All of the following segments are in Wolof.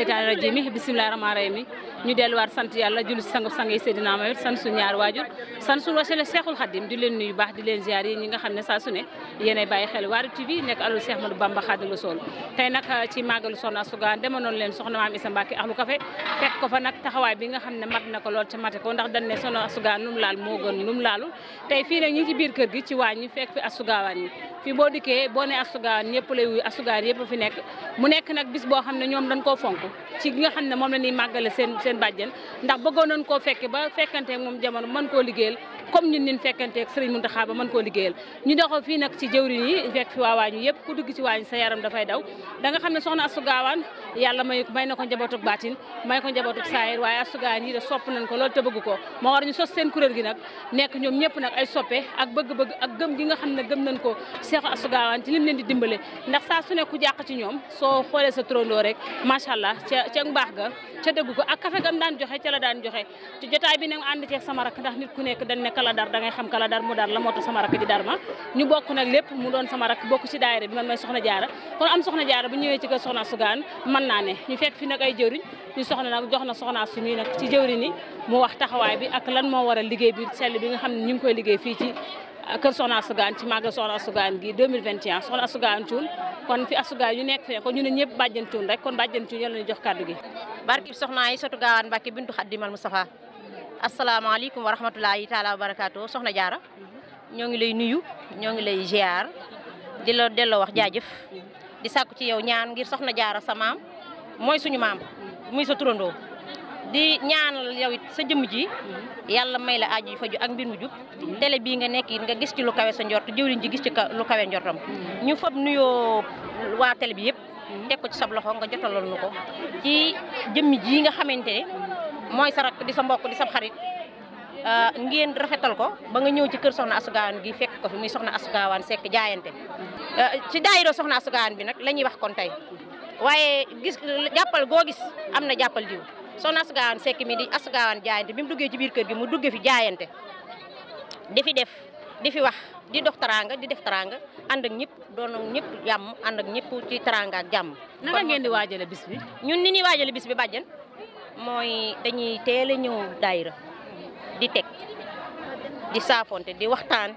seytaane rajim yi bisimilah rahmaan rahim yi ñu delluwaat sant yàlla julli si sangu sang yi Seydina Muhammad sant suñu ñaar waajur sant suñu wasila Seexul Xadim di leen nuyu baax di leen ziar yi ñi nga tey nag ah, ci màggalu Soxna Sugaan demoon leen soxna maam Isa Mbàkke Ahlu Kafe fekk bi nga xam ne mat na ko lool ca mate ko ndax dañ ne Soxna Sugaan nu mu laal moo gën nu mu laalu tey fii nag ñi ci biir kër gi ci fekk fi asugawaan yi boo dikkee boo ne asugawaan ñëpp lay wuyu asugawaan yëpp fi nekk mu nekk nag bis boo xam ne ñoom dañ koo fonk ci nga xam ne moom la ni màggale seen seen bàjjen ndax bëggoon nañ koo fekke ba fekkanteek moom jamono man koo liggéeyal comme ñun nin fekkanteek Serigne Mountakha ba mën koo liggéeyal ñu doxoo fii nag ci jëwriñ waa waañu yëpp ku dugg ci waañ sa yaram dafay daw da xam ne soxna Astou Gawane yàlla may may na ko njabootug baatin may ko njabootug saayir waaye Astou Gawane da sopp nañ ko loolu te bëgg ko moo war ñu sos seen kuréel gi nag nekk ñoom ñëpp nag ay soppe ak bëgg-bëgg ak gëm gi nga xam ne gëm nañ ko Cheikh Astou Gawane ci lim leen di dimbale ndax saa su ne ku jàq ci ñoom soo xoolee sa turandoo rek macha allah ca ca mbaax ga ca dëgg ko ak kafe gam daan joxe ca la daan joxe ci jotaay bi ne ànd ceeg sama rakk ndax nit ku nekk dan ne kala dar dangay ngay xam kala dar mu dar la moo tax sama rakk di dar ma ñu bokk nag lépp mu doon sama rakk bokk ci daayira bi man may soxna jaara kon am soxna jaara bu ñëwee ci kër soxna sugaan mën naa ne ñu fekk fi nag ay jëwriñ ñu soxna nag jox na soxna su ñuy nag ci jëwriñ yi mu wax taxawaay bi ak lan moo waral liggéey bi sell bi nga xam ne ñu ngi koy liggéey ci kër Soxna Astou Gawane ci màggal Soxna Astou Gawane gi 2021 Soxna Astou Gawane Thioune kon fi Astou Gawane yu nekk fee kon ñu ne ñëpp bàjjen Thioune rek kon bàjjen Thioune yàlla na jox kàddu gi barkib soxna yi sotu Gawane Mbàkke bintu Xadimal Mustafa asalaamaaleykum wa rahmatulahi taala wa barakaatu soxna jaara ñoo ngi lay nuyu ñoo ngi lay ziar di la delloo wax jaajëf di sàkku ci yow ñaan ngir soxna jaara sa maam mooy suñu maam muy sa turandoo di ñaanal yow it sa jëmm ji yàlla may la aaju yu faju ak mbir mu jub télé bii nga nekk it nga gis ci lu kawe sa njort jëwriñ ji gis ci lu kawe njortam ñu fab nuyoo waa télé bi yëpp teg ko ci sab loxo nga jotaloon nu ko ci jëmmi ji nga xamante ne mooy sa rakk di sa mbokk di sa xarit euh, ngeen rafetal ko ba nga ñëw ci kër soxna asugawaan gi fekk ko fi muy soxna asugawaan sekk jaayante euh, ci daayira soxna asugawaan bi nag la ñuy wax kon tey waaye gis jàppal goo gis am na jàppal diw soxna asugawaan sekk mi di asugawaan jaayante bi mu duggee ci biir kër gi mu duggee fi jaayante di fi def di fi wax di dox teraanga di def teraanga ànd ak ñëpp doon ak ñépp jàmm ànd ak ñëpp ci teraanga ak jàmm. naka ngeen di waajale bis bi. ñun ni ñuy waajale bis bi bàjjen mooy dañuy teele ñëw daayira di teg di saafonte di waxtaan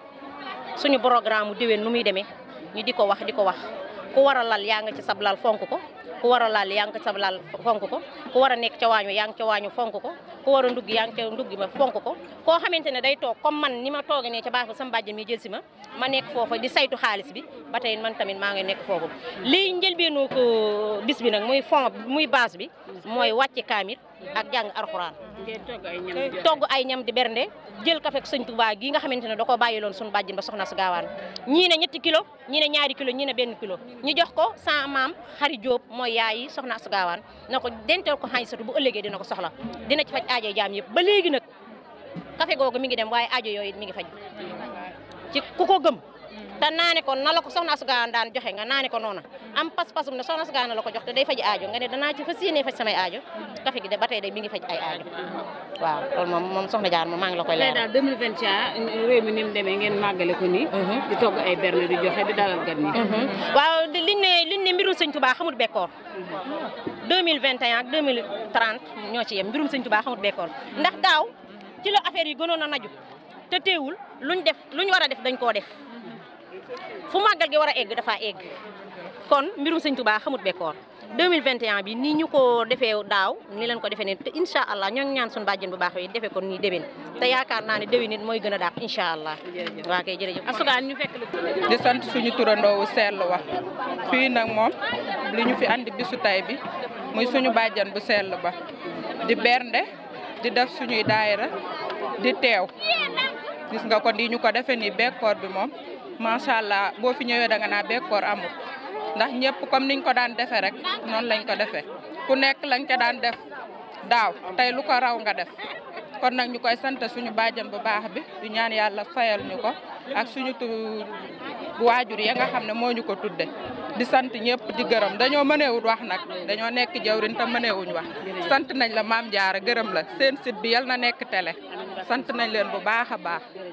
suñu programme mu déwén nu muy demee ñu di ko wax di ko wax. ku war a lal yaa nga ci sablal fonk ko ku war a lal yaa nga ci sablal fonk ko ku war a nekk ca waañu yaa ngi ca waañu fonk ko ku war a ndugg ma fonk ko koo xamante ne day toog comme man ni ma toogee ne ca baax ba sama bàjjen mi jël si ma ma nekk foofa di saytu xaalis bi ba tey man tamit maa ngi nekk foofu lii njëlbeenu ko bis bi nag muy fond muy baas bi mooy wàcce kaamil ak jàng arxuraan togg ay ñam di bernde jël kafe ak sëñ Touba gi nga xamante ne da koo bàyyi loon suñu bàjjin ba soxna su gaawaan ñii ne ñetti kilo ñii ne ñaari kilo ñii ne benn kilo ñu jox ko sa maam xari Jóob mooy yaayi soxna su gaawaan na ko dental ko xañ satu bu ëllëgee dina ko soxla dina ci faj aajo jaam yëpp ba léegi nag kafe googu mi ngi dem waaye ajo yooyu mi ngi faj ci ku ko gëm te naane ko na la ko soxna su daan joxe nga naane ko noona am pas-pasum ne soxna su gaana la ko jox te day faj aajo nga ne danaa ci fas yéenee faj samay aajo café gi de ba tey ngi faj ay aajo waaw moom moom soxna jaar moom maa ngi la koy leeral daal 2021 réew mi ni mu demee ngeen màggale ko nii mhm. di togg ay berne di joxe di dalal gan ñi mhm. waaw liñ ne liñ ne mbirum sëñ Tuubaa xamut ñoo ci yem mbirum sëñ Tuubaa xamut bekkoor ndax daaw ci la affaire yi gënoon a naju te teewul luñ def luñ war a def dañ koo def fu màggal gi war a egg dafaa egg kon mbirum sëñ Touba xamut bekkoor 2021 bi nii ñu ko defee daaw ni leen ko defee ne te incha allah ñoo ñaan suñu bàjjen bu baax yi defee ko nii déwén te yaakaar naa ne déwén nit mooy gën a dàq incha allah. waa kay jërëjëf asugaan ñu la. sant suñu turandoowu seetlu wax fii nag moom li ñu fi andi bisu tay bi muy suñu bàjjen bu seetlu ba di bernde di def suñuy daayira di teew gis nga ko di ñu ko defee nii bekkoor bi moom. macha allah boo fi ñëwee da nga naa bekkoor amul ndax ñëpp comme niñ ko daan defee rek noonu lañ ko defee ku nekk lañ ko daan def daaw tey lu ko raw nga def kon nag ñu koy sant suñu baajam bu baax bi di ñaan yàlla fayal ñu ko ak suñu tu waajur ya nga xam ne moo ñu ko tudde di sant ñëpp di gërëm dañoo mëneewul wax nag dañoo nekk jawrin te mëneewuñ wax sant nañ la maam jaara gërëm la seen site bi yal na nekk télé sant nañ leen bu baax a baax